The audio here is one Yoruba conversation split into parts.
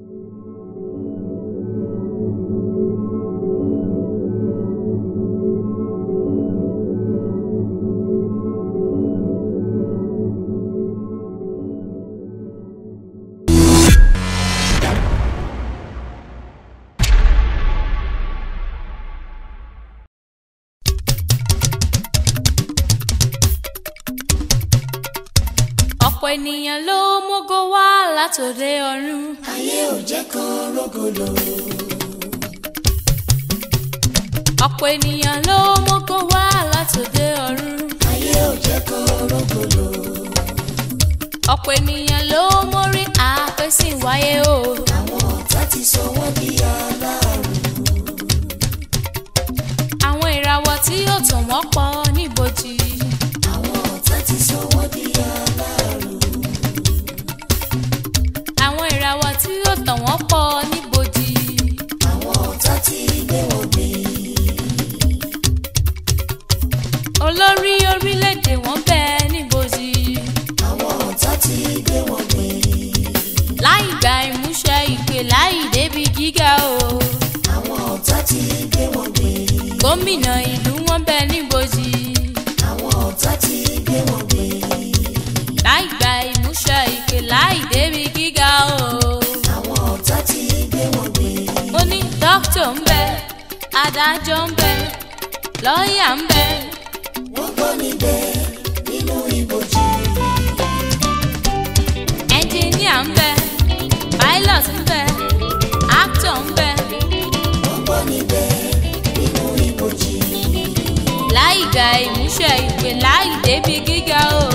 you ọ̀pọ̀ ènìyàn ló mógo wá látòde ọ̀run. ayé ò jẹ́ kan rógolo. ọ̀pọ̀ ènìyàn ló mógo wá látòde ọ̀run. ayé ò jẹ́ kan rógolo. ọ̀pọ̀ ènìyàn ló mórí àpèsè wáyé o. àwọn ọ̀tá ti sọ wọ́n di aláàrú. àwọn ìràwọ̀ tí yóò tàn wọ́n pọ̀. láì débi gíga o. àwọn ọ̀tá ti gbé wọn gbé. gómìnà ìlú wọn bẹ níbojì. àwọn ọ̀tá ti gbé wọn gbé. láì gba ìmúṣẹ ìpè láì débi gíga o. àwọn ọ̀tá ti gbé wọn gbé. ó ní dókítà ń bẹ adájọ́ ń bẹ lọ́ọ̀yà ń bẹ. wọ́n gbọ́ níbẹ̀. níbẹ̀ nínú ibojì. láì ga ìmúṣẹ ìpè láì débi gíga o.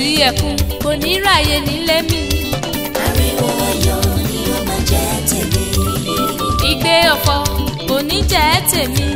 sí ẹkún kò ní ráyè nílé mi. ariwo ayọ̀ ni ó máa jẹ́ tèmi. igbe ọ̀fọ̀ kò ní jẹ́ tèmi.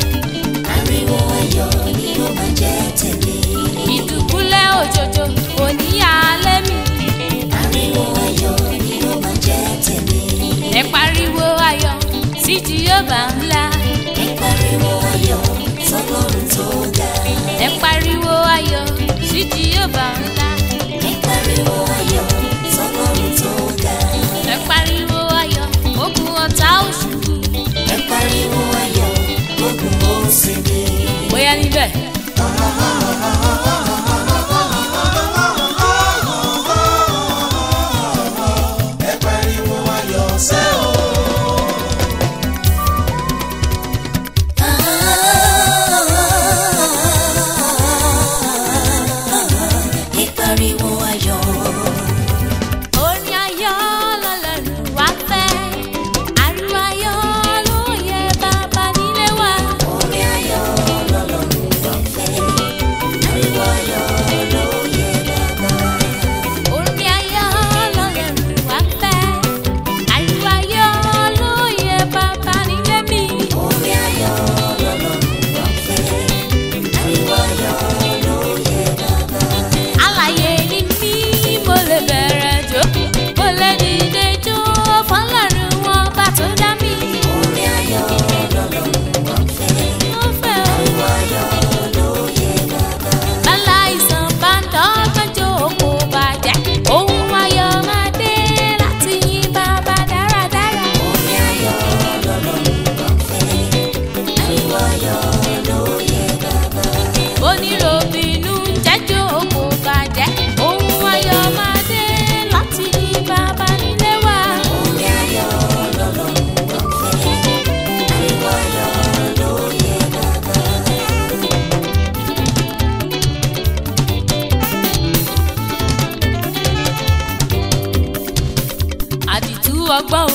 ọgbọ́ o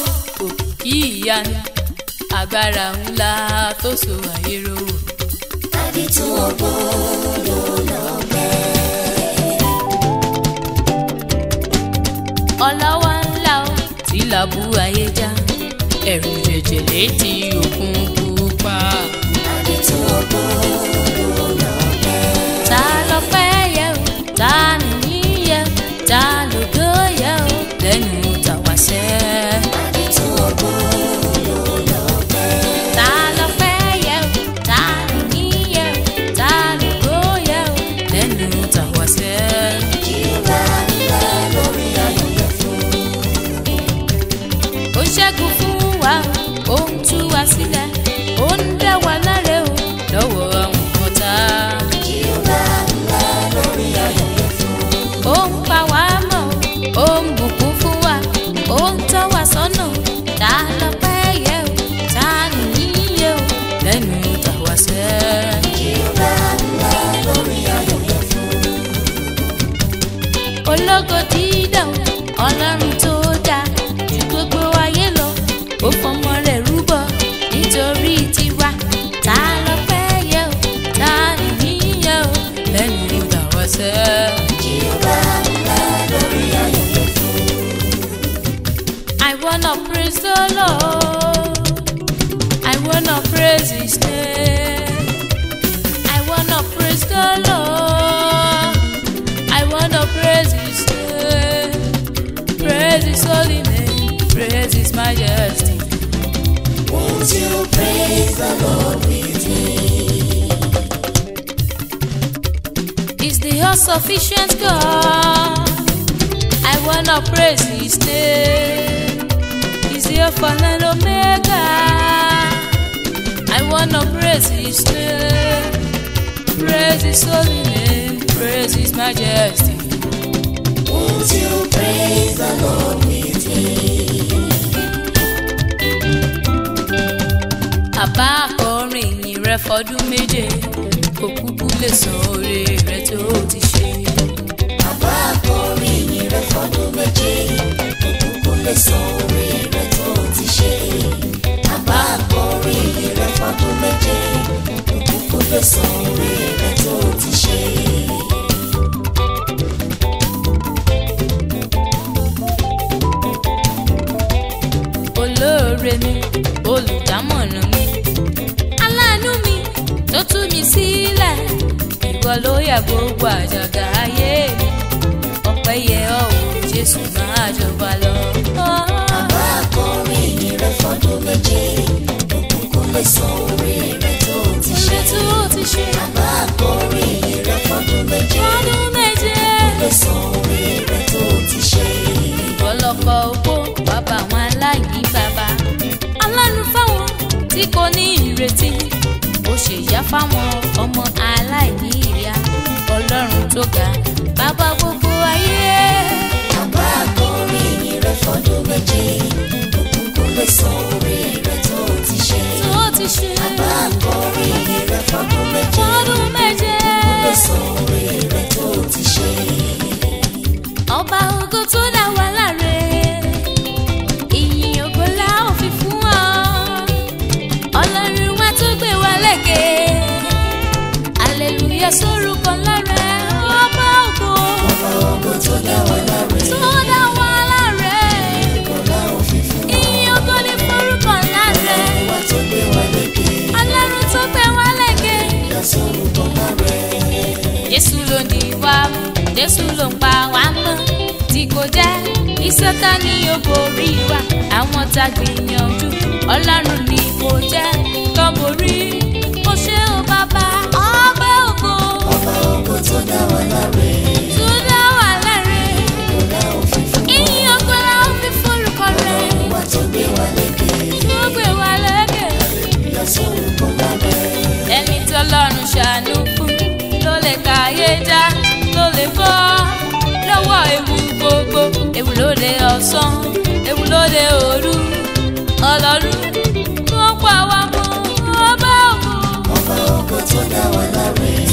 òkìkí ìyanu agbára ńlá tó so ayé rò. tàbí tún ọgbọ́n ló lọ gbẹ́. ọlọ́wọ́ ńlá ó ti làbú ayé já ẹ̀rù jẹ̀jẹ̀ létí òkun wanna praise the Lord. I wanna praise His name. I wanna praise the Lord. I wanna praise His name. Praise His holy name. Praise His majesty. Won't you praise the Lord with me? Is the all-sufficient God? I wanna praise His name. the Alpha and Omega. I wanna praise His name, praise His holy name, praise His majesty. Won't you praise the Lord with me? Bàbá akọrin ìyìn rẹ fọdún méje, kò kúkú lè san oore rẹ tó ti ṣe. Bàbá akọrin ìyìn rẹ fọdún méje, kò kúkú lè san oore rẹ méje bàbá àkọ́rí rẹ fọdún méje òkùnkùn fẹsàn orí rẹ tó ti ṣe. olóore mi olùdámọ̀ràn mi aláàánú mi tó tú mi sílẹ̀ ìwọ ló yà gbogbo àjàgà ayé mi ọpẹ́ yẹ ọ́ o Jésù máa jọba lọ akọrin ìyìn rẹ fọdún méje òkú kò lè san orí rẹ tó ti ṣe tó ti ṣe bàbá akọrin ìyìn rẹ fọdún méje fọdún méje kò lè san orí rẹ tó ti ṣe. ọlọ́pọ̀ fáwọn ọmọ aláìní ìyá ọlọ́run tó ga bàbá gbọ́. jésù ló ń pa wá mọ́ tí kò jẹ́ ìsọ̀tá ni ó wa àwọn tá gbìyànjú ọlọ́run. ewu de ọ̀sán ewu de òru ọlọ́run ló pa wá mú ọba ògo. ọba ògo tó dá wa láre.